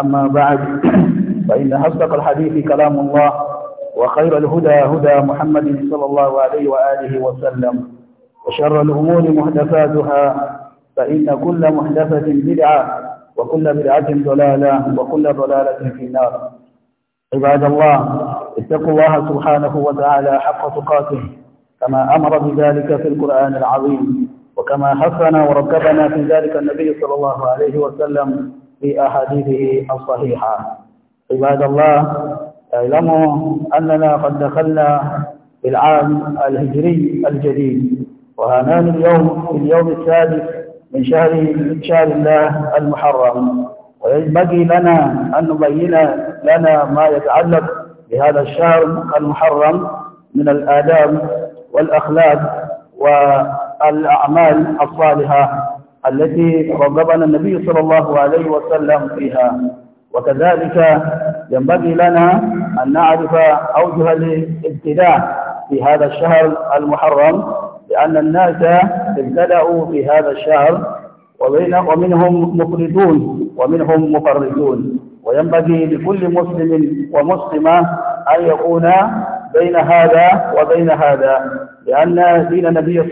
أما بعد فإن أصدق الحديث كلام الله وخير الهدى هدى محمد صلى الله عليه وآله وسلم وشر الأمور محدثاتها فإن كل محدثة بدعة وكل بدعة ضلالة وكل ضلالة في النار عباد الله اتقوا الله سبحانه وتعالى حق تقاته كما أمر بذلك في القرآن العظيم وكما حثنا وركبنا في ذلك النبي صلى الله عليه وسلم في أحاديثه الصحيحة عباد الله اعلموا أننا قد دخلنا في العام الهجري الجديد وهنان اليوم في اليوم الثالث من شهر من شهر الله المحرم وينبغي لنا أن نبين لنا ما يتعلق بهذا الشهر المحرم من الآداب والأخلاق والأعمال الصالحة التي رغبنا النبي صلى الله عليه وسلم فيها وكذلك ينبغي لنا أن نعرف أوجه الابتداء في هذا الشهر المحرم لأن الناس ابتدأوا في هذا الشهر ومنهم مفردون ومنهم مفردون وينبغي لكل مسلم ومسلمة أن يكون بين هذا وبين هذا لأن دين النبي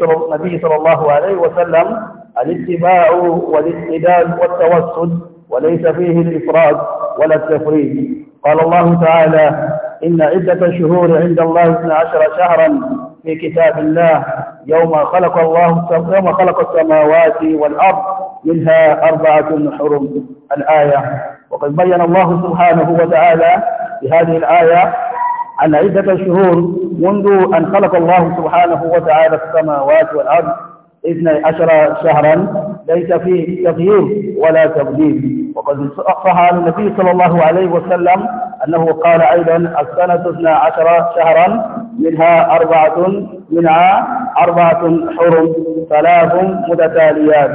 صلى الله عليه وسلم الاتباع والاستدام والتوسل وليس فيه الإفراد ولا التفريد قال الله تعالى إن عدة شهور عند الله 12 شهرا في كتاب الله يوم خلق الله يوم خلق السماوات والأرض منها أربعة حرم الآية وقد بين الله سبحانه وتعالى في هذه الآية أن عدة شهور منذ أن خلق الله سبحانه وتعالى السماوات والأرض اثني عشر شهرا ليس فيه تغيير ولا تبديل وقد صح عن النبي صلى الله عليه وسلم أنه قال أيضا السنة اثنى عشر شهرا منها أربعة منها أربعة حرم ثلاث متتاليات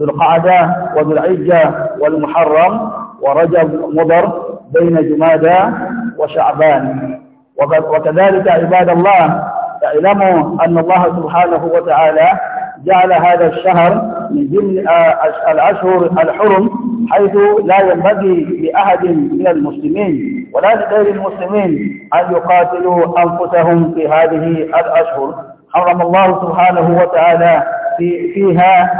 ذو القعدة وذو العجة والمحرم ورجب مضر بين جمادى وشعبان وكذلك عباد الله اعلموا أن الله سبحانه وتعالى جعل هذا الشهر من ضمن آه، الأشهر الحرم حيث لا ينبغي لأحد من المسلمين ولا لغير المسلمين أن يقاتلوا أنفسهم في هذه الأشهر حرم الله سبحانه وتعالى في فيها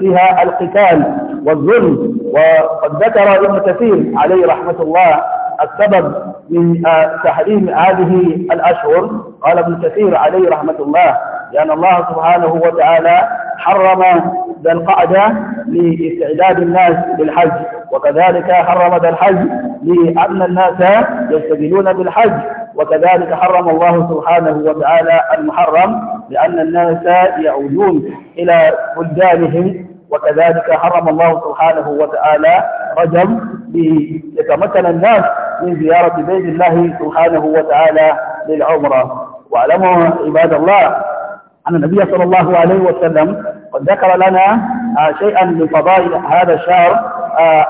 فيها القتال والظلم وقد ذكر ابن كثير عليه رحمة الله السبب من آه، تحريم هذه الأشهر قال ابن كثير عليه رحمة الله لأن الله سبحانه وتعالى حرم ذا القعدة لاستعداد الناس للحج وكذلك حرم ذا الحج لأن الناس يستدلون بالحج وكذلك حرم الله سبحانه وتعالى المحرم لأن الناس يعودون إلى بلدانهم وكذلك حرم الله سبحانه وتعالى رجب به يتمكن الناس من زيارة بيت الله سبحانه وتعالى للعمرة واعلموا عباد الله أن النبي صلى الله عليه وسلم قد ذكر لنا شيئا من فضائل هذا الشهر آه،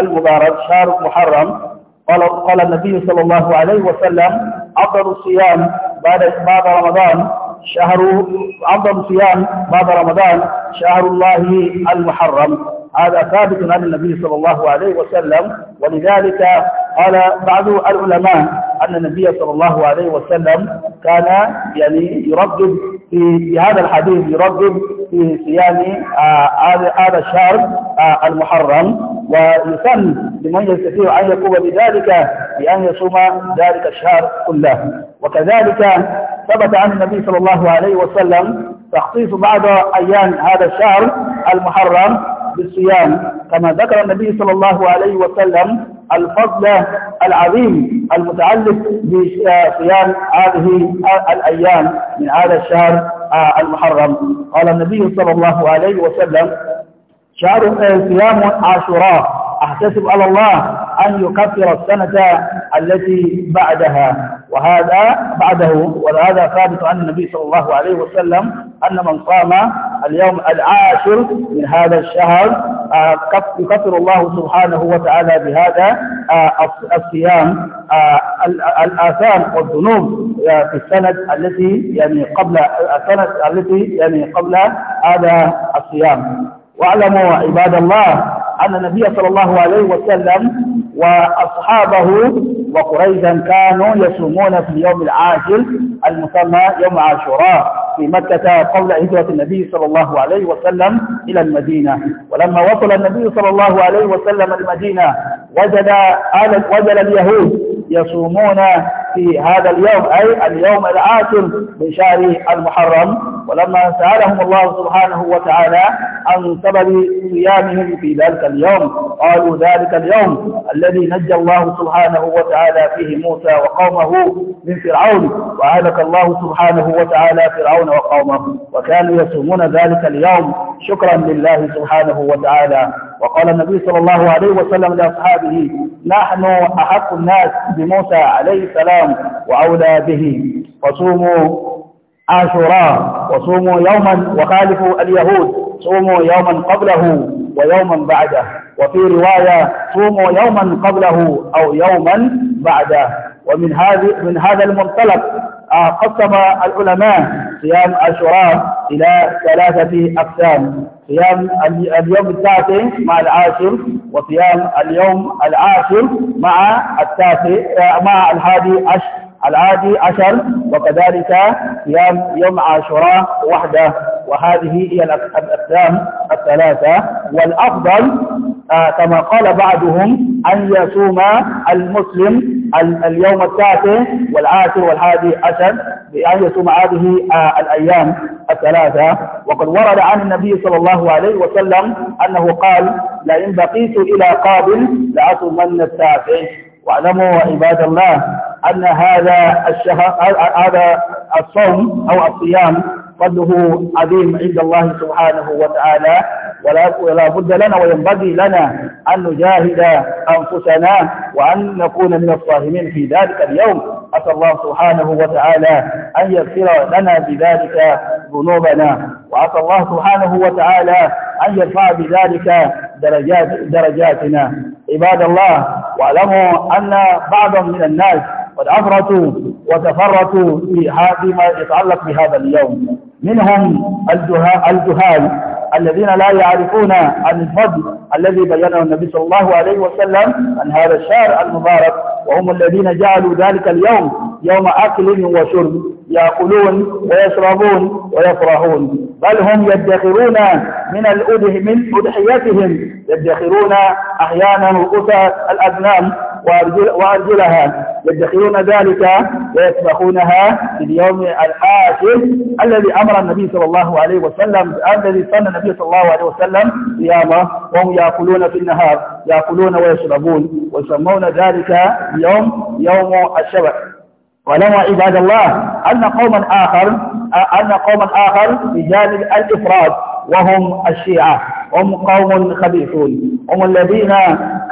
المبارك شهر محرم قال قال النبي صلى الله عليه وسلم أفضل الصيام بعد بعد رمضان شهر أفضل الصيام بعد رمضان شهر الله المحرم هذا ثابت عن النبي صلى الله عليه وسلم ولذلك قال بعض العلماء أن النبي صلى الله عليه وسلم كان يعني يردد في هذا الحديث يردد في صيام آه، هذا آه آه الشهر آه المحرم ويسن لمن يستطيع أن يقوم بذلك بأن يصوم ذلك الشهر كله وكذلك ثبت عن النبي صلى الله عليه وسلم تخصيص بعض أيام هذا الشهر المحرم بالصيام كما ذكر النبي صلى الله عليه وسلم الفضل العظيم المتعلق بصيام هذه الأيام من هذا الشهر آه، المحرم قال النبي صلى الله عليه وسلم شهر آه، صيام عاشوراء أحتسب على الله أن يكفر السنة التي بعدها وهذا بعده وهذا ثابت عن النبي صلى الله عليه وسلم أن من صام اليوم العاشر من هذا الشهر آه، يكفر الله سبحانه وتعالى بهذا آه، الصيام آه، الآثام والذنوب في السنة التي يعني قبل السنة التي يعني قبل هذا الصيام واعلموا عباد الله أن النبي صلى الله عليه وسلم وأصحابه وقريشا كانوا يصومون في اليوم العاشر المسمى يوم عاشوراء في مكة قبل هجرة النبي صلى الله عليه وسلم إلى المدينة ولما وصل النبي صلى الله عليه وسلم المدينة وجد, وجد اليهود يصومون في هذا اليوم أي اليوم العاشر من شهر المحرم ولما سألهم الله سبحانه وتعالى عن سبب صيامهم في ذلك اليوم قالوا ذلك اليوم الذي نجى الله سبحانه وتعالى فيه موسى وقومه من فرعون وعادك الله سبحانه وتعالى فرعون وقومه وكانوا يصومون ذلك اليوم شكرا لله سبحانه وتعالى وقال النبي صلى الله عليه وسلم لأصحابه نحن أحق الناس بموسى عليه السلام الإسلام وأولى به وصوموا عاشوراء وصوموا يوما وخالفوا اليهود صوموا يوما قبله ويوما بعده وفي رواية صوموا يوما قبله أو يوما بعده ومن هذه من هذا المنطلق قسم العلماء صيام عاشوراء إلى ثلاثة أقسام صيام اليوم التاسع مع العاشر وصيام اليوم العاشر مع التاسع مع الحادي عشر العادي عشر وكذلك يوم, يوم عاشوراء وحده وهذه هي الاقسام الثلاثة والأفضل آه كما قال بعضهم أن يصوم المسلم اليوم التاسع والعاشر والحادي عشر بأن يصوم هذه آه الأيام الثلاثة وقد ورد عن النبي صلى الله عليه وسلم أنه قال لئن بقيت إلى قابل لأصومن التاسع واعلموا عباد الله أن هذا الشهر هذا الصوم أو الصيام فضله عظيم عند الله سبحانه وتعالى ولا ولا بد لنا وينبغي لنا أن نجاهد أنفسنا وأن نكون من الصائمين في ذلك اليوم أسأل الله سبحانه وتعالى أن يغفر لنا بذلك ذنوبنا وعسى الله سبحانه وتعالى أن يرفع بذلك درجات درجاتنا عباد الله واعلموا أن بعضا من الناس قد أفرطوا وتفرطوا في فيما يتعلق بهذا اليوم منهم الجهال الذين لا يعرفون عن الفضل الذي بينه النبي صلى الله عليه وسلم عن هذا الشهر المبارك وهم الذين جعلوا ذلك اليوم يوم أكل وشرب يأكلون ويشربون ويفرحون بل هم يدخرون من الأده من أضحيتهم يدخرون أحيانا رؤوس الأبنام وأرجلها يدخرون ذلك ويسبخونها في اليوم الآخر الذي أمر النبي صلى الله عليه وسلم الذي سن النبي صلى الله عليه وسلم قيامه وهم يأكلون في النهار يأكلون ويشربون ويسمون ذلك يوم يوم الشبع ولو عباد الله أن قوما آخر أن قوما آخر بجانب الإفراد وهم الشيعة هم قوم خبيثون هم الذين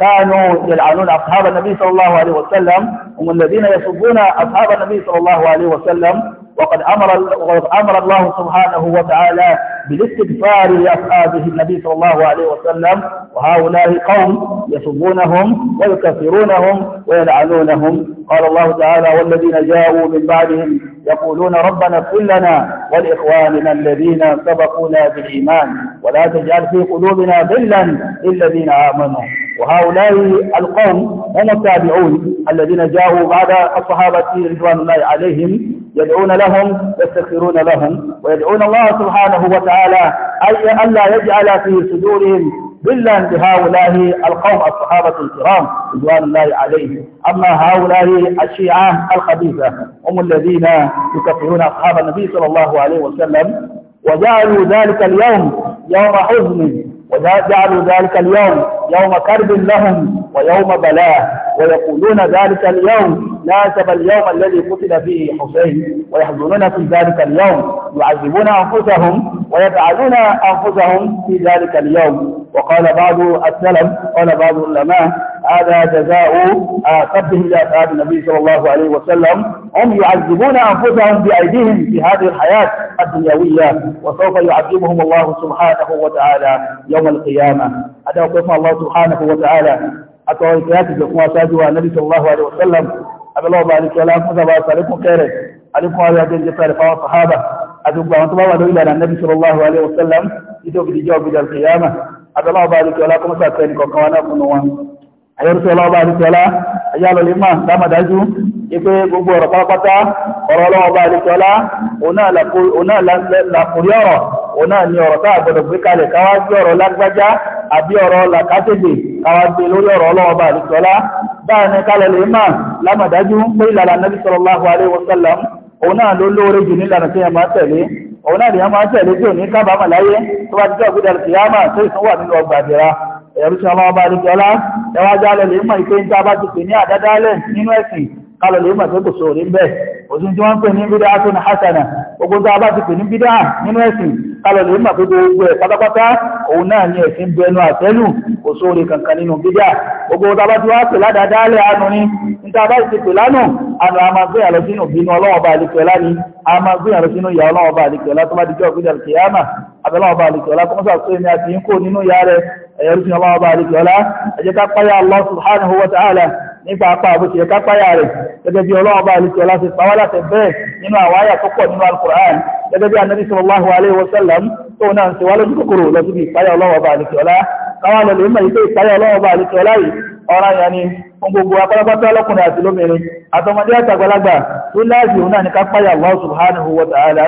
كانوا يلعنون أصحاب النبي صلى الله عليه وسلم هم الذين يصدون أصحاب النبي صلى الله عليه وسلم وقد أمر, وقد أمر الله سبحانه وتعالى بالاستغفار لأصحابه النبي صلى الله عليه وسلم وهؤلاء قوم يسبونهم ويكفرونهم ويلعنونهم قال الله تعالى والذين جاءوا من بعدهم يقولون ربنا كلنا والإخواننا ولإخواننا الذين سبقونا بالإيمان ولا تجعل في قلوبنا ظلا للذين آمنوا وهؤلاء القوم هم التابعون الذين جاءوا بعد الصحابة رضوان الله عليهم يدعون لهم يستغفرون لهم ويدعون الله سبحانه وتعالى أي ألا يجعل في صدورهم إلا بهؤلاء القوم الصحابة الكرام رضوان الله عليهم أما هؤلاء الشيعة الخبيثة هم الذين يكفرون أصحاب النبي صلى الله عليه وسلم وجعلوا ذلك اليوم يوم حزن وجعلوا ذلك اليوم يوم كرب لهم ويوم بلاء ويقولون ذلك اليوم لا تب اليوم الذي قتل فيه حسين ويحزنون في ذلك اليوم يعذبون أنفسهم ويفعلون أنفسهم في ذلك اليوم وقال بعض السلف قال بعض العلماء هذا جزاء قبله إلى أصحاب النبي صلى الله عليه وسلم هم يعذبون أنفسهم بأيديهم في هذه الحياة الدنيوية وسوف يعذبهم الله سبحانه وتعالى يوم القيامة أدعو كفا الله سبحانه وتعالى أتوى إكياتي بقوة ساجوة النبي صلى الله عليه وسلم أبي الله بارك الله مذا بارك عليكم خيره عليكم على هذه الجفار فهو صحابة أدعو أن تبوا إلى النبي صلى الله عليه وسلم يدعو بجواب إلى القيامة أبي الله بارك لكم ساكينك وقوانا كنوان àyẹ́rùsọ ọlọ́ọ̀bá àríkẹ́lá ayálọ́lẹ́mà dámadájú ipé gbogbo ọ̀rọ̀ pátápátá ọ̀rọ̀ ọlọ́ọ̀bá àríkẹ́lá òun náà làkórí ọ̀rọ̀ òun náà ni ọ̀rọ̀ táà gbọdọ̀ gbé kalẹ̀ káwá gbé ọ̀rọ̀ lágbájá àbí ọ̀rọ̀ làkátèdè káwá gbé lórí ọ̀rọ̀ ọlọ́ọ̀bà àdìsọ́lá báyìí ni kalẹ̀ lè máa lámàdájú pé ìlànà nàbí sallallahu alaihi wasallam òun náà ló lóore jù nílànà tí ẹ máa tẹ̀lé òun náà lèyàn máa tẹ̀lé tí ò ní kábàámà láyé tó bá ti jẹ́ òkúta ìyáàmà kálọ̀ lè mọ̀ tó kò sóòrí bẹ́ẹ̀ òsùn tí wọ́n pè ní bídá tó ní hasana gbogbo tó a bá ti pè ní bídá nínú ẹ̀sìn kálọ̀ lè mọ̀ tó gbogbo ẹ̀ pátápátá òun náà ni ẹ̀sìn bẹnu àtẹ́lù kò sóòrí kankan nínú bídá gbogbo tó a bá ti wá pè ládàádáálẹ̀ anu ni níta bá ti pè lánà anu a máa gbé àlọ́ sínú bínú ọlọ́wọ́ bá àlìkẹ́ lá ni nípa apá àbúkì ẹ̀ká páyà rẹ̀ gẹ́gẹ́ bí ọlọ́ọ̀bá alìkì ọlá ti pàwọ́ láti bẹ́ẹ̀ nínú àwáyà tó pọ̀ nínú Al-Qur'an gẹ́gẹ́ bí Ànábì sallallahu alaihi wasallam tó náà ti wá lójú kòkòrò lọ síbi ìpáyà ọlọ́ọ̀bá alìkì ọlá káwọn lè mọ̀ ìpé ìpáyà ọlọ́ọ̀bá alìkì ọlá yìí ọ̀rọ̀ yà ni fún gbogbo apárápátá lọ́kùnrin àti lómìnirin àtọmọdé àtàgbàlagbà tó láàájì òun náà ní ká páyà Allah subhanahu wa ta'ala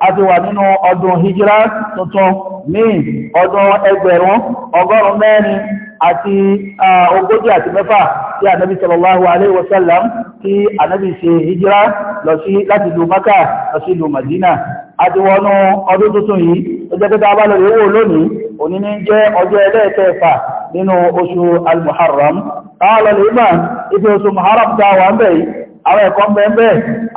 a ti wà nínú ọdún hijira tuntun ní ọdún ẹgbẹ̀rún ọgọ́rùn mẹ́rin àti ogójì àti mẹ́fà tí ànábì sallallahu alaihi wasallam tí ànábì ṣe hijira lọ sí láti ìlú Mákà lọ sí ìlú Madina àti wọnú ọdún tuntun yìí tó jẹ́ pẹ́ta bá lórí owó lónìí òní ní jẹ́ ọjọ́ ẹlẹ́ẹ̀kẹfà nínú oṣù al-Muharram. Àwọn alẹ́lẹ́ ìmọ̀ ìfẹ́ oṣù Muharram dáwà ń bẹ̀ àwọn ẹ̀kọ́ ń bẹ́ẹ̀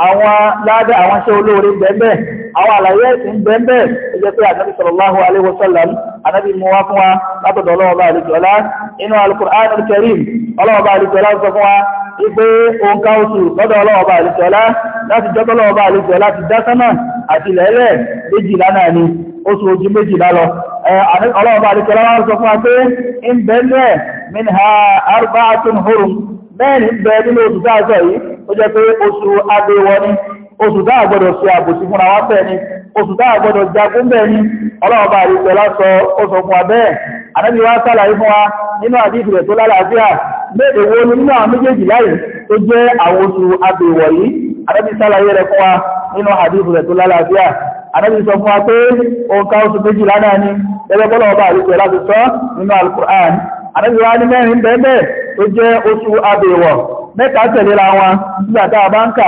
àwọn ládá àwọn iṣẹ́ olóore bẹ́ẹ̀ àwọn àlàyé ẹ̀sìn bẹ́ẹ̀ ẹjẹ́ pé ànábì sallallahu alaihi wasallam ànábì mú wá fún wa látọ̀dọ̀ ọlọ́ọ̀bá àlejòlá inú al-Qur'an al-Karim ọlọ́ọ̀bá àlejòlá sọ fún wa ipé òǹkà oṣù lọ́dọ̀ ọlọ́ọ̀bá àlejòlá láti jọ́tọ́lọ́ọ̀bá àlejòlá ti dá sánà àti ilẹ̀ẹ́lẹ̀ méjìlá náà ni oṣù ojú méjìlá lọ arba'atun hurum bẹ́ẹ̀ bẹ́ẹ̀ nínú oṣù tá yìí ó jẹ́ pé oṣù abẹ́wọ ni oṣù dáà gbọ́dọ̀ ṣe àbòsí fúnra wá bẹ́ẹ̀ ni oṣù dáà gbọ́dọ̀ jagun bẹ́ẹ̀ ni ọlọ́ọ̀bá àríṣẹ́ lásọ oṣù fún abẹ́ ànábì wá sálàyé fún wa nínú àdíjì rẹ̀ tó lálàáfíà méje wo nínú àwọn méjèèjì láyé tó jẹ́ àwọn oṣù abẹ́wọ̀ yìí ànábì sálàyé rẹ̀ fún wa nínú àdíjì rẹ̀ tó lálàáfíà ànábì sọ fún wa pé òǹkà oṣù méjìlá náà ni gẹ́gẹ́ bọ́lọ́ọ̀bá àríṣẹ́ láti sọ nínú alukur'an àrẹ́gbẹ̀wá ní mẹ́rin bẹ́ẹ̀bẹ́ tó jẹ́ oṣù abèwọ̀ mẹ́ta tẹ̀léra wọn nígbàtà àbáǹkà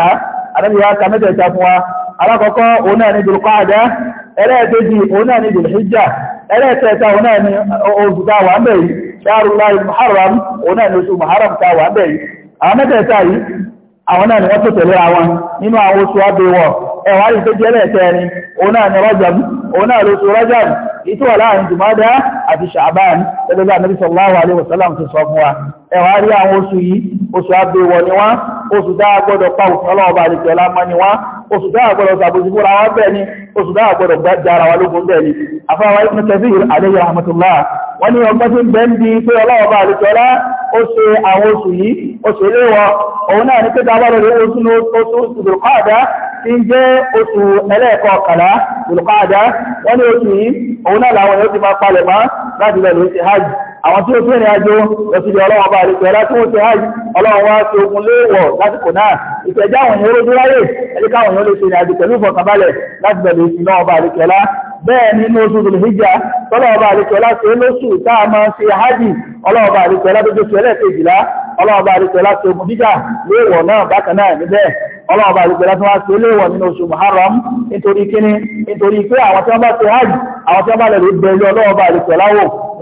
àrẹ́gbẹ̀wá ka mẹ́tẹ̀ẹ̀ta fún wa alákọ̀ọ́kọ́ òun náà ni Dhul-Qa'dah ẹlẹ́ẹ̀kejì òun náà ni ni ta wà tó èyí tó wà láàrin jùmọ́dá àti ṣàbán gẹ́gẹ́ bí Ànábì sallallahu alaihi wasallam ti sọ fún wa ẹwà rí àwọn oṣù yìí oṣù abẹ́wọ̀ ni wọ́n oṣù dáa gbọ́dọ̀ pa òṣù ọlọ́ọ̀bà àdìkẹ̀ lámọ́ ni wọ́n oṣù dáa gbọ́dọ̀ ṣàbòsí fúnra wọn bẹ́ẹ̀ ni oṣù dáa gbọ́dọ̀ gbájára wa lógún bẹ́ẹ̀ ni afáwa Ibn Kathir alayhi rahmatullah tí ń jẹ́ oṣù ẹlẹ́ẹ̀kọ̀ọ̀kàlá olùkọ́ àdá wọ́n ní oṣù yìí òun náà làwọn yóò ti máa palẹ̀ mọ́ láti lọ lóṣù hajj àwọn tí ó fẹ́ ní ajó lọ́sílẹ̀ ọlọ́wọ́ bá àríkọ̀ láti wọ́n ti hajj ọlọ́wọ́ wá sí ogun léèwọ̀ lásìkò náà ìtẹ̀já àwọn èèyàn lójú ráyè ẹni káwọn èèyàn lè ṣe ìrìnàjò pẹ̀lú ìfọ̀kànbalẹ̀ láti bẹ̀rẹ̀ ìsìn náà bá àríkọ̀ lá bẹ́ẹ̀ nínú oṣù Dhul-Hijja tọ́lọ́wọ́ bá àríkọ̀ lá ṣe lóṣù tá a máa ń ṣe hajj ọlọ́wọ́ bá àríkọ̀ lá lójú ṣe ẹlẹ́ẹ̀kejìlá ọlọ́wọ́ bá àríkọ̀ lá ṣe ogun jíjà léèwọ̀ náà bákan wá ṣe léèwọ̀ nínú oṣù Muharram nítorí kíní nítorí pé àwọn tí wọ́n bá ṣe hajj àwọn tí wọ́n bá lẹ̀ lè bẹ̀rẹ̀ ọlọ́wọ́ bá àríkọ̀ láwò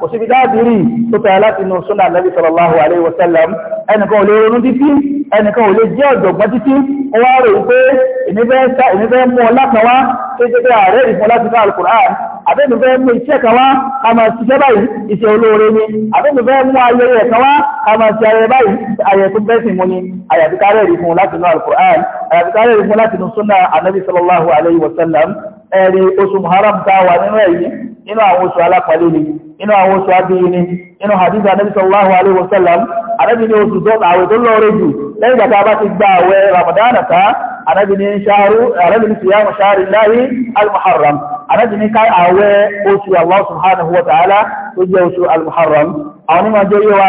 kò síbi dáàbìrì tó tẹ̀yà láti inú súnà nàbí sallallahu alaihi wasallam ẹnìkan ò lè ronú títí ẹnìkan ò lè jẹ́ ọ̀jọ̀gbọ́n títí wọ́n rò pé ìnífẹ́ mú ọ lápá wá tó jẹ́ pé ààrẹ ìfún ẹ̀rí oṣù muharram tá wà nínú èyí nínú àwọn oṣù alápàlẹ́ ni inú àwọn oṣù abíyí ni inú hadith anabi sallallahu alaihi wasallam anabi ni oṣù tó àwẹ̀ tó lọ́rẹ́ jù lẹ́yìn ìgbà tá bá ti gba àwẹ̀ ramadana ta anabi ni ṣaaru anabi ni siyamu ṣaari láyé al-muharram anabi ni ká àwẹ̀ oṣù allah subhanahu wa ta'ala tó jẹ́ oṣù al-muharram àwọn onímọ̀ jẹ́ yíwa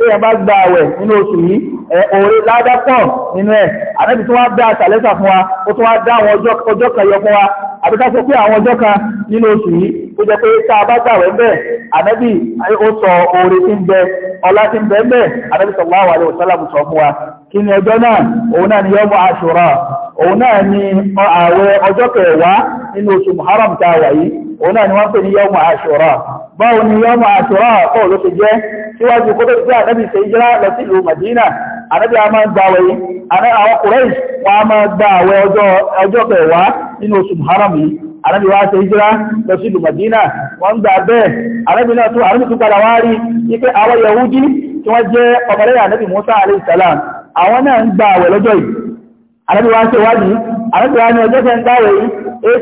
tí ẹ bá gba àwẹ̀ nínú oṣù yìí òòrè ládàpọ̀ nínú ẹ̀ àbẹ́bí tó wá dá àtàlẹ́sà fún wa ó tó wá dá àwọn ọjọ́ kan yọ fún wa àbí ká sọ pé àwọn ọjọ́ kan nínú oṣù yìí tó jẹ́ pé tá a bá gbàwẹ̀ bẹ́ẹ̀ àbẹ́bí ó sọ òòrè tí ń bẹ ọlá tí ń bẹ bẹ́ẹ̀ àbẹ́bí sallallahu alaihi wasallam sọ fún wa kí ni ọjọ́ náà òun náà ni yọ́mọ àṣùrà òun náà ni ààwẹ̀ ọjọ́ kẹwàá nínú oṣù Muharram tá a wà yìí òun náà ni wọ́n pè ní yọ́mù àṣùrà báwo ni yọ́mù àṣùrà kọ́ ló ti jẹ́ síwájú kó tó ti jẹ́ ànábì ṣe ìjírá lọ sí ìlú Madina ànábì a máa ń gba àwẹ̀ yìí àwọn Quraysh wọn a máa gba àwẹ̀ ọjọ́ kẹwàá nínú oṣù Muharram yìí ànábì wá ṣe ìjírá lọ sí ìlú Madina wọ́n gbà bẹ́ẹ̀ ànábì náà tún ànábì tún padà wá rí wípé àwọn Yahudi tí wọ́n jẹ́ ọmọlẹ́yìn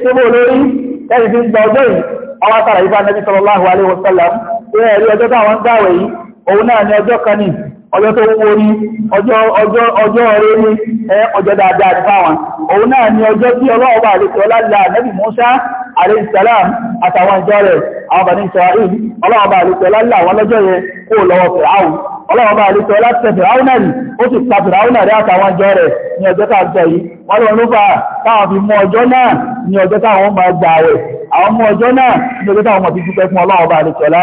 ànábì Musa ẹni tí ọjọ́ yìí ọwọ́ sára ibá nẹ́bí sallallahu alaihi wasallam pé ẹ̀rí ọjọ́ táwọn ń dáwẹ̀ yìí òun náà ni ọjọ́ kan ní ọjọ́ tó wúwo ní ọjọ́ ọjọ́ ọjọ́ ọrẹ́ ní ọjọ́ dáadáa ti fáwọn ọlọ́wọ́ bá àlítọ́ láti fìràúnà rí ó sì pa fìràúnà rí àtàwọn jọ rẹ̀ ní ọjọ́ tàbí yìí wọ́n lọ ló fà táwọn fi mú ọjọ́ náà ní ọjọ́ táwọn máa gbà rẹ̀ àwọn mú ọjọ́ náà ní ọjọ́ táwọn mọ̀ fi dúpẹ́ fún ọlọ́wọ́ bá àlítọ́lá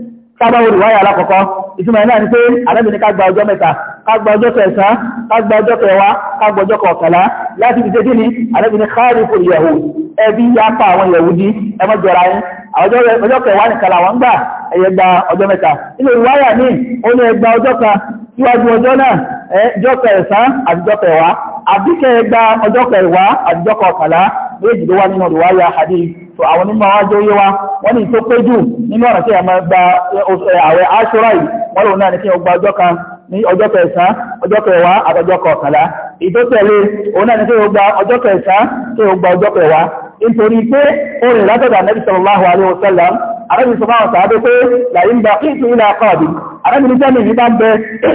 tábà olùwáyà alákọ̀ọ́kọ́ ìtumọ̀ náà ni pé alábìnrin ká gba ọjọ́ mẹ́ta ká gba ọjọ́ kẹsàn ká gba ọjọ́ kẹwàá ká gba ọjọ́ kọkànlá láti fi ṣe ní alábìnrin káàrí fún yẹ̀hù ẹbí yapa àwọn yẹ̀hù ní ẹmọ jọra yín ọjọ́ kẹwàá nìkan làwọn gbà ẹ̀yẹ gba ọjọ́ mẹ́ta nínú olùwáyà ní ó ní ẹgba ọjọ́ so àwọn onímọ̀ wá jẹ́ yé wa wọ́n ní tó pé jù nínú ọ̀nà tí a máa gba eh, àwẹ̀ aṣọ́rà yìí wọ́n lòun náà ní kí o gba ọjọ́ kan ní ọjọ́ kẹsàn-án ọjọ́ kẹwàá àtọjọ́ kọkànlá ìdókẹ̀lé òun náà ní kí o gba ọjọ́ kẹsàn-án o gba ọjọ́ kẹwàá alaihi wasallam arábìnrin sọ fáwọn sàádé pé làyín gba kíkì ilẹ̀ akọ́ọ̀dì arábìnrin jẹ́ mi bá ń bẹ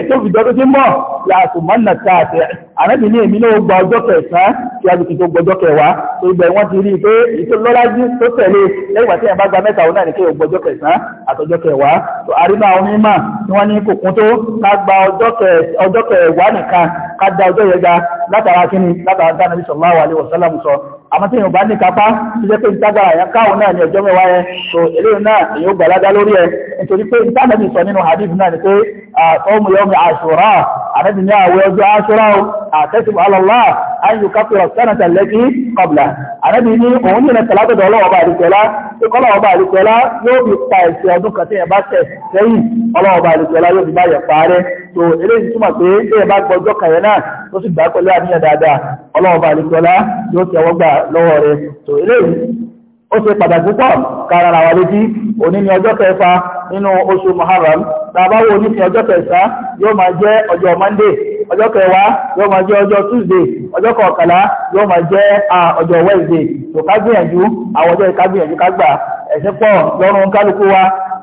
tó fi dọ́dún tí mọ̀ láàtù mọ́nà tààtẹ̀ arábìnrin èmi náà gba ọjọ́ kẹsàn-án tí a ti tó gbọjọ́ kẹwàá tó ibẹ̀ wọ́n ti rí i pé ìtò lọ́lájú tó tẹ̀lé lẹ́yìn wàtí ẹ̀bá gba mẹ́ta òun náà ní kí ọgbọjọ́ kẹsàn-án àtọjọ́ kẹwàá tó arínú àwọn mímọ̀ tí wọ́n ní kòkún tó ká gba ọjọ́ kẹwàá nìkan ká náà èyí ó gbàlágá lórí ẹ nítorí pé ìtànàbì sọ nínú hadith náà ni pé àtọ́mù yọmù àṣùrá àrẹ́bì ní àwẹ́ ọjọ́ àṣùrá àtẹ́sìbò alọ́lá ayù kápẹ̀rọ̀ sẹ́nàtà lẹ́kí kọbla àrẹ́bì ní òun ní ẹ̀tẹ̀lá tọ̀dọ̀ ọlọ́ọ̀bà àdìkẹ́lá tí kọ́lọ̀ọ̀bà àdìkẹ́lá yóò fi pa ẹ̀sẹ̀ ọdún kan tí ẹ bá tẹ̀ sẹ́yìn ọlọ́ọ̀bà àdìkẹ́lá yóò fi bá yẹ̀ parẹ́ tó eléyìí túmọ̀ pé tí ẹ bá gbọ́jọ́ kàyẹ ó ṣe pàtàkì púpọ̀ kárára wà létí òní ni ọjọ́ kẹfà nínú oṣù Muharram tàbáwò ní ti ọjọ́ kẹsà yóò máa jẹ́ ọjọ́ Monday ọjọ́ kẹwàá yóò máa jẹ́ ọjọ́ Tuesday ọjọ́ kọkànlá yóò máa jẹ́ ọjọ́ Wednesday tó ká gbìyànjú wa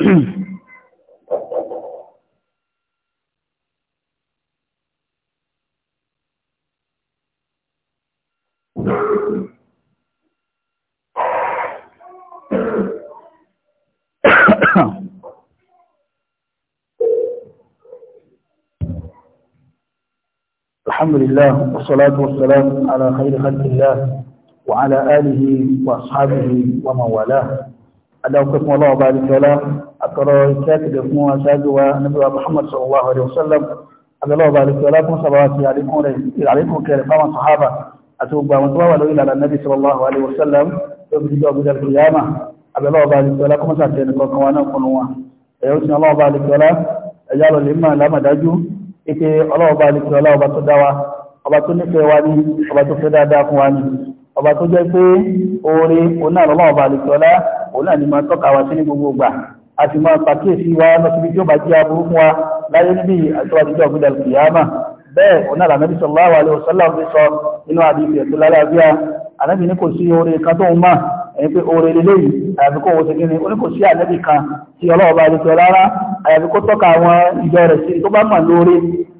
الحمد لله والصلاة والسلام على خير خلق الله وعلى آله وأصحابه ومن والاه adáwọ̀kọ́ fún ọlọ́wọ́ bá rí jọlá àtọrọ ìkẹ́kẹ̀ẹ́ fún aṣáájú wa níbiwa muhammad sallallahu alaihi wasallam abẹ́lọ́wọ́ bá rí jọlá fún sàbáwá ti àríkún kẹrẹ fáwọn sahaba àti gbogbo àwọn tó wà lórí ìlànà nabi sallallahu alaihi wasallam tó fi jọ gbogbo alkiyama abẹ́lọ́wọ́ bá rí jọlá kọ́mọ́ sàtẹ́ ní kọ̀ọ̀kan wa náà kùnú wa ẹ̀yọ́ sí ọlọ́wọ́ bá rí jọlá ẹ̀yà ọba tó jẹ́ pé oore oná ọlọ́wọ́ ọba àlùsọ́lá oná ni máa tọ́ka wa sí ní gbogbo ìgbà a sì máa pàkíyèsí wa lọ́sibí tí ó bá jẹ́ aburú fún wa láyé níbi àtúwájújọ́ ọ̀gbìdà kìyàmà bẹ́ẹ̀ oná lànàbí sallallahu alaihi wasallam fi sọ inú àdìsí ẹ̀tọ́ lálàáfíà ànábì ní kò sí oore kan tó ń mà ẹ̀yìn pé oore lélẹ́ yìí àyàfi kó wọ́n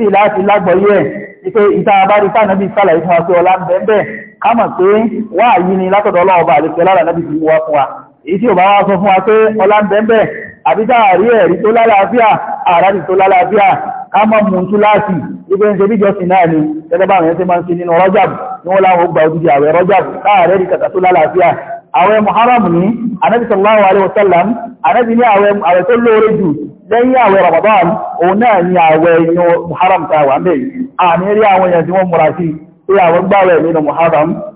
tí láti lágbọ̀yé ẹ̀ wípé ìta àbárí sáànàbí sàlàyé fún wa pé ọlá ń bẹ́ẹ̀ bẹ́ẹ̀ ká mọ̀ pé wà yìí ni látọ̀dọ̀ ọlọ́ọ̀bà àlèkẹ́ lára náà bí fi wá fún wa èyí tí ò bá wá sọ fún wa pé ọlá ń bẹ́ẹ̀ bẹ́ẹ̀ àbídá àrí ẹ̀rí tó lálàáfíà àrádì tó lálàáfíà ká mọ̀ mú tú láti wípé ń àwẹ̀ muharram ní anábi sallallahu alaihi wasallam anábi ní àwẹ̀ tó lóore jù lẹ́yìn àwẹ̀ ramadan òun náà ni àwẹ̀ yíò muharram tàwà mẹ́ àmì rí àwọn èèyàn tí wọ́n múra sí pé àwọn gbáwẹ̀ nínú muharram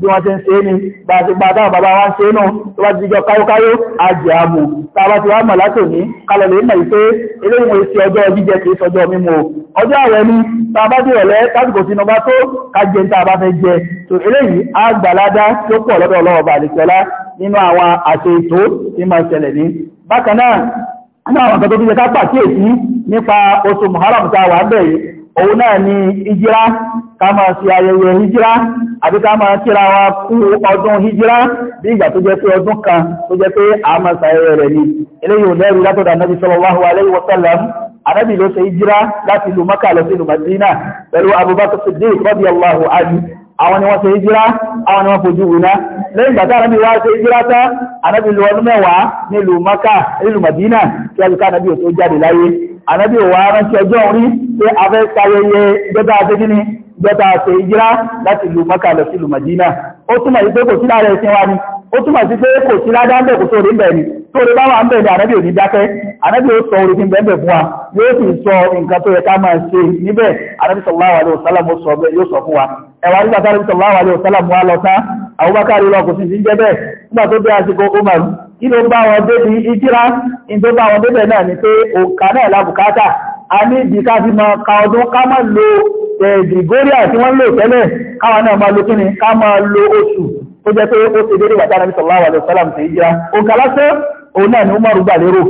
bí wọ́n ti ń ṣe ní gbàtígbà táwọn bàbá wá ń ṣe náà tó bá ti jọ káyókáyó àjẹ́ àmù tàbá ti wá mọ̀ látòní kalọ̀lẹ̀ mọ̀ ìpé eléyìn èsì ọjọ́ jíjẹ kìí sọjọ́ mímu ọjọ́ ààrẹ ni tàbá ti rọ̀lẹ́ tásìkò sínú bá tó kájẹ ń tàbá fẹ́ jẹ tó eléyìí àgbàládá tó pọ̀ lọ́dọ̀ ọlọ́ọ̀bà àdìsọ́lá nínú àwọn àṣẹ ètò tí máa ṣẹlẹ̀ ní bákan náà ní àwọn ọ̀gá tó fi jẹ ká pàkíyèsí nípa oṣù Muharram tá a wà bẹ̀rẹ̀ òun náà ni ìjírá ká máa ṣe ayẹyẹ ìjírá àbí ká máa kíra wa kú ọdún hijira bí ìgbà tó jẹ́ pé ọdún kan tó jẹ́ pé a máa sàárẹ̀ rẹ̀ ni eléyìí ò lẹ́rù látọ̀dọ̀ anábì sallallahu alaihi wa sallam anábì ló ṣe hijira láti ìlú Mákà lọ sí ìlú Madina pẹ̀lú Abubakar Siddiq radiyallahu anhu àwọn ni wọ́n ṣe hijira àwọn ni wọ́n ànábì wà rántí ọjọ́ orí pé afẹ́ sayẹyẹ jọta àti gíní jọta àti ìjírá láti lù Mọ́kà lọ sí lù Màdínà ó túmọ̀ sí pé kò sí láàrẹ ìsìn wa ni ó túmọ̀ sí pé kò sí ládá ńbẹ̀ kò sóòrí ńbẹ̀ ni sóòrí bá wà ńbẹ̀ ni ànábì ò ní dákẹ́ ànábì ó sọ orin bẹ́ẹ̀ fún wa yóò sì sọ nǹkan tó yẹ ká máa ṣe níbẹ̀ ànábì sallallahu alaihi wasallam yóò sọ fún wa ẹwà nígbà tó ànábì sallallahu alaihi wasallam wa lọ tán Abubakar lọ kò sì sí kí ló bá wọn débi ìjírá in tó bá wọn débẹ̀ náà ni pé òǹkà náà lábùkátà a ní ìdí ká fi máa ka ọdún ká máa lo ẹ̀ẹ́dìgóríà eh, tí wọ́n lò tẹ́lẹ̀ káwọn náà máa lo kíni ká máa lo oṣù ó jẹ́ pé ó ṣe dédé wàtá nàbí sallallahu alaihi wasallam ti yíra òǹkà lásán òun náà ni Umaru gbà lérò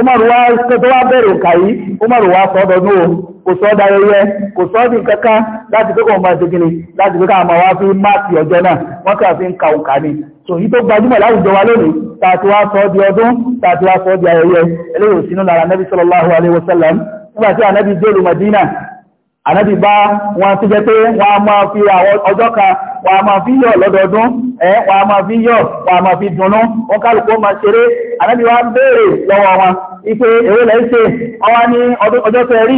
Umaru wá tó wá bẹ̀rẹ̀ òǹkà yìí Umaru wá sọ́dọ̀ ní o kò sọ́ da ẹyẹ kò sọ́ ní kankan láti pé kò máa láti pé káàmà wá fi máàkì ọjọ́ náà wọ́n kà fi ń ka òǹkà ni tò yí tó gbajúmọ̀ láwùjọ wa lónìí tààtí wá sọ́ di ọdún tààtí wá sọ́ di ayẹyẹ eléyìí òsínú lára nẹ́bí sallallahu alaihi nígbà tí ànẹ́bí dé lu Madina ànábì bá wọn tó jẹ́ pé wọ́n a máa fi àwọn ọjọ́ kan wọ́n a máa fi yọ̀ lọ́dọọdún ẹ́ wọ́n a máa fi yọ̀ wọ́n a máa fi dùnnú wọ́n kálukú máa ṣeré ànábì wá ń lọ́wọ́ wọn ipe èrè lẹ́ ṣe ọwá ní ọjọ́ tẹ́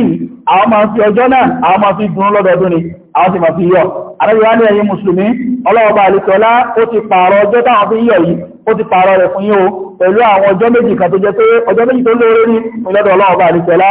àwọn máa fi ọjọ́ náà àwọn máa fi dùnnú lọ́dọọdún ni àwọn sì máa fi yọ̀ ànábì wá ní ẹ̀yin mùsùlùmí ọlọ́ọ̀bà àlìkọ́lá ó ti pààrọ̀ ọjọ́ táwọn fi yọ̀ yìí ó ti pààrọ̀ rẹ̀ fún yín pẹ̀lú àwọn ọjọ́ méjì kan tó jẹ́ pé ọjọ́ méjì tó lóore ní ìlọ́dọ̀ ọlọ́ọ̀bà àlìkọ́lá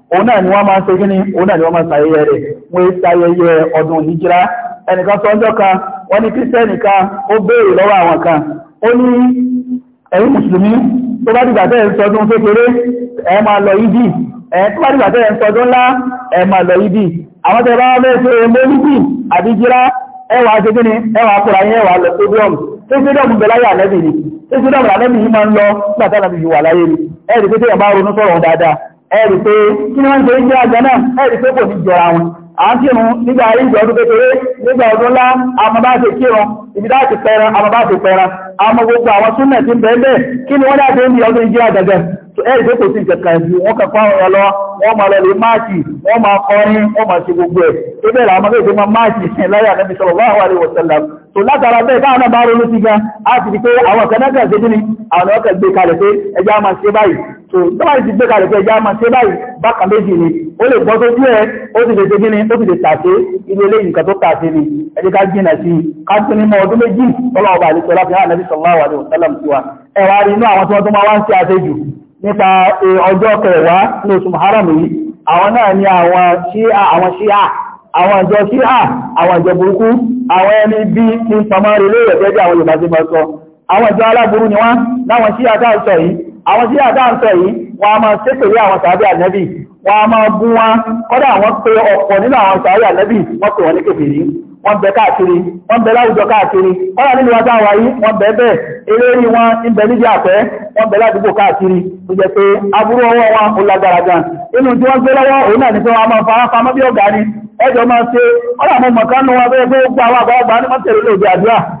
òun ni wọ́n máa ń ṣe gíní òun náà ni wọ́n máa ń ṣayẹyẹ rẹ̀ wọ́n ṣayẹyẹ ọdún ìjírá ẹnìkan sọ́jọ́ kan wọ́n ní kírísẹ́nì kan ó béèrè lọ́wọ́ àwọn kan ó ní ẹ̀yin mùsùlùmí tó bá dìgbà tẹ́ẹ̀ ń sọdún kékeré ẹ máa lọ ìdí ẹ tó bá dìgbà tẹ́ẹ̀ ń sọdún ńlá ẹ máa lọ ìdí àwọn tẹ́ bá wọ́n fẹ́ ṣe mólídì àbíjírá ẹwà ṣe gíní ẹwà ẹ̀rì pé kí ni wọ́n ṣe ń jẹ́ àjọ náà ẹ̀rì pé kò ní jọra wọn a ń kírun nígbà ìjọ ọdún kékeré nígbà ọdún ńlá amọ̀báṣe kírun ibi láti pẹran amọ̀báṣe pẹran àwọn súnmẹ̀ tí kí ni wọ́n láti ìjẹ́ àjẹjẹ tó látara bẹ́ẹ̀ káà náà bá ronú sí gan á ti di pé àwọn ọ̀kẹ́nẹ́kẹ́ ṣe gíní àwọn ọ̀kẹ́ gbé kalẹ̀ pé ẹjá máa ṣe báyìí tó tọ́bá ti gbé kalẹ̀ pé ẹjá máa ṣe báyìí bákan méjì ni ó lè gbọ́ tó jú ẹ ó sì lè ṣe gíní ó sì lè tàṣe ilé ilé nǹkan tó tàṣe ni ẹjẹ ká jìnà sí ká tún nínú ọdún méjì tọ́lọ́ ọba àlejò láti hàn nàbí sallallahu alaihi wasallam tiwa ẹwà àwọn àjọ sí à àwọn àjọ burúkú àwọn ẹni bí ní pàmàrí lórí ẹ̀tẹ́ bí àwọn Yorùbá ti mọ́ sọ àwọn àjọ aláburú ni wọ́n láwọn sí àtà ń sọ yìí àwọn sí àtà ń sọ yìí wọ́n a máa ṣépèlé àwọn sàábí ànẹ́bì wọ́n a máa bú wọn kọ́dá àwọn pé ọ̀pọ̀ nínú àwọn sàábí ànẹ́bì wọ́n pè wọ́n ní kèfèrí wọ́n bẹ káàkiri wọ́n bẹ láwùjọ káàkiri kọ́dá nínú wọn táwà wọ́n bẹ bẹ́ẹ̀ eléré wọn ń bẹ níbi àpẹ́ wọ́n bẹ ládùúgbò káàkiri tó jẹ́ pé aburú ọwọ́ wọn inú tí wọ́n gbé lọ́wọ́ òun náà ní pé wọ́n a máa fara pamọ́ bí ọ̀gá ni ẹjọ́ máa ṣe mọ̀kánú wọn bẹ́ẹ̀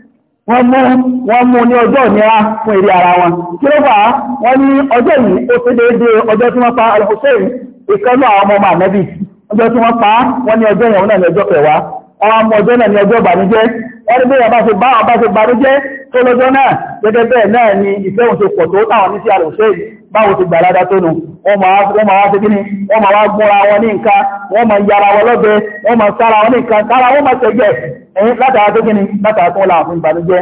wọ́n mú wọ́n mú ní ọjọ́ ìnira fún èrè ara wọn kí ló fà wọ́n ní ọjọ́ yìí ó fi déédé ọjọ́ tí wọ́n pa Al-Hussein ìkẹ́lú àwọn ọmọ mànẹ́bì ọjọ́ tí wọ́n pa wọ́n ní ọjọ́ ìyàwó náà ní ọjọ́ kẹwàá ọmọ ọjọ́ náà ní ọjọ́ ìbànújẹ́ ẹni bí ọba ṣe bá ọba ṣe gbarújẹ́ tó lọ́jọ́ náà gẹ́gẹ́ bẹ́ẹ̀ náà ni ìfẹ́ òun ṣe pọ̀ tó táwọn ní sí àlòṣẹ́ báwo ti gbàládá tó nù wọ́n máa wá wọn ní nǹkan wọ́n máa yára wọn lọ́bẹ̀ wọn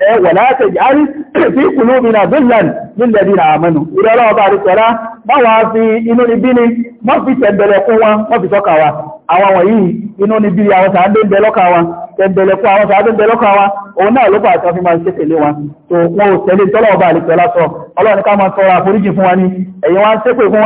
Eh, wala taj'al fi qulubina dhillan lil ladina amanu ìrọ̀lọ́ ọba àrísọ́lá má wá fi inú ni bí ni má fi tẹ̀bẹ̀lẹ̀kún wọn má fi tọ́ka wa àwọn wọ̀nyí inú ni bí àwọn sàádé ń bẹ lọ́ka wa tẹ̀bẹ̀lẹ̀kún àwọn sàádé ń bẹ lọ́ka wa òun náà ló pàá tán fi máa ṣe tẹ̀lé wa tó wọn ò tẹ̀lé tọ́lọ̀ ọba àrísọ́lá sọ ọlọ́run ká máa tọrọ àforíjì fún wa ni ẹ̀yin wá ń ṣépè fún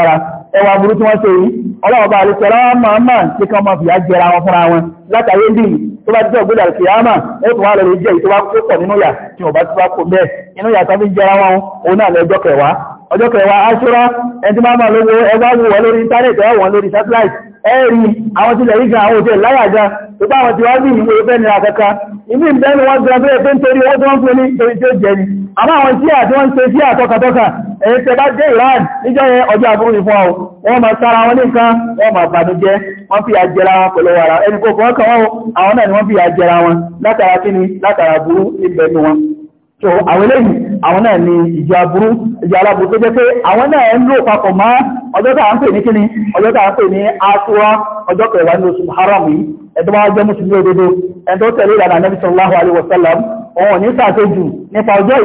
wa ẹwà burú tí wọ́n ṣe yìí ọlọ́ọ̀bá alìsẹ̀lá máa máa tí kan máa fìyà jẹra wọn fúnra wọn látàrí bí tó bá jẹ́ ògbélà ìfìyàmà ẹ̀kùn wà lọ́lẹ̀ jẹ́ ìtọ́wà púpọ̀ nínú yà tí wọ́n bá ti bá kò bẹ́ẹ̀ inú yà tàbí jẹra wọn òun náà lọ́jọ́ kẹwàá ọjọ́ kẹwàá aṣúra ẹni tí máa máa lówó ẹgbà wù wọ́n lórí íńtánẹ̀tì ẹwọ̀n lórí satellite ẹ̀rí àwọn tilẹ̀ rígan àwọn òjò láyàjá tó bá àwọn tí wá bí ìwé ìfẹ́ nira kankan ìmú ìbẹ́nu wọn gbẹ̀rẹ̀ pé nítorí wọ́n tó ń pè ní torí tí ó jẹ ni àmọ́ àwọn tí àti wọ́n ń ṣe tí àtọ́kàtọ́kà èyí tẹ bá jẹ́ Iran níjọ́ yẹn ọjọ́ àbúrú ní fún ọ wọ́n máa sára wọn nìkan wọ́n máa bànújẹ́ wọ́n fi àjẹra wọn pẹ̀lú ara ẹni kò fọ́ọ̀kan wọn àwọn náà ni wọ́n fi àjẹra wọn látara kíni látara burú ìbẹ̀nu wọn so àwọn eléyìí àwọn náà ni ìjà burú ìjà aláburú tó jẹ́ pé àwọn náà ń lò papọ̀ mọ́ ọjọ́ tàà ń pè ní kíni ọjọ́ tàà ń pè ní asúra ọjọ́ kẹwàá ní oṣù haram yìí ẹ̀dọ́ wá jẹ́ mùsùlùmí òdodo ẹ̀dọ́ tẹ̀lé ìlànà Nabi sallallahu alaihi wasallam òun ní sàṣejù nípa ọjọ́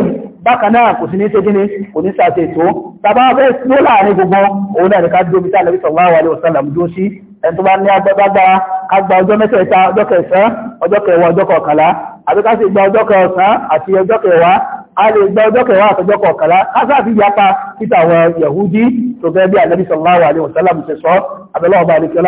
ẹni tó bá ní agbádágbára ká gba ọjọ́ mẹ́tẹ̀ẹ̀ta ọjọ́ kẹsàn-án ọjọ́ kẹwàá ọjọ́ kọkànlá àbí ká sì gba ọjọ́ kẹsàn-án àti ọjọ́ kẹwàá a lè gba ọjọ́ kẹwàá àtọjọ́ kọkànlá kásáàfi yapa títà àwọn yahudi tó gẹ́gẹ́ bí ànábì sallallahu alaihi wasallam ṣe sọ abẹ́lọ́wọ́ bá àdìkẹ́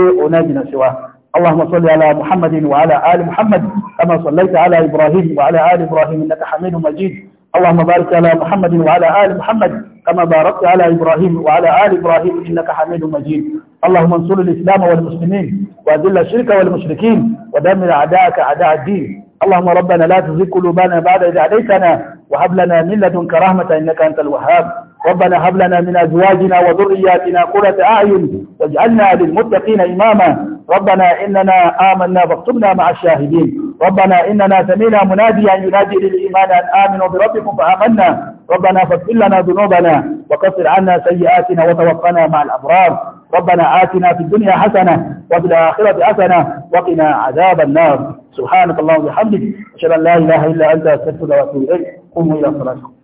lágbogbo ìjọsìn اللهم صل على محمد وعلى آل محمد كما صليت على إبراهيم وعلى آل إبراهيم إنك حميد مجيد اللهم بارك على محمد وعلى آل محمد كما باركت على إبراهيم وعلى آل إبراهيم إنك حميد مجيد اللهم انصر الإسلام والمسلمين وأذل الشرك والمشركين ودمر أعداءك أعداء الدين اللهم ربنا لا تزغ قلوبنا بعد إذ هديتنا وهب لنا من لدنك رحمة إنك أنت الوهاب ربنا هب لنا من أزواجنا وذرياتنا قرة أعين واجعلنا للمتقين إماما ربنا إننا آمنا فاكتبنا مع الشاهدين ربنا إننا سمينا مناديا ينادي للإيمان أن آمنوا بربكم فآمنا ربنا فاغفر لنا ذنوبنا وكفر عنا سيئاتنا وتوفنا مع الأبرار ربنا آتنا في الدنيا حسنة وفي الآخرة حسنة وقنا عذاب النار سبحانك اللهم وبحمدك أشهد أن لا إله إلا أنت أستغفرك وأتوب إليك قوموا إلى صلاتكم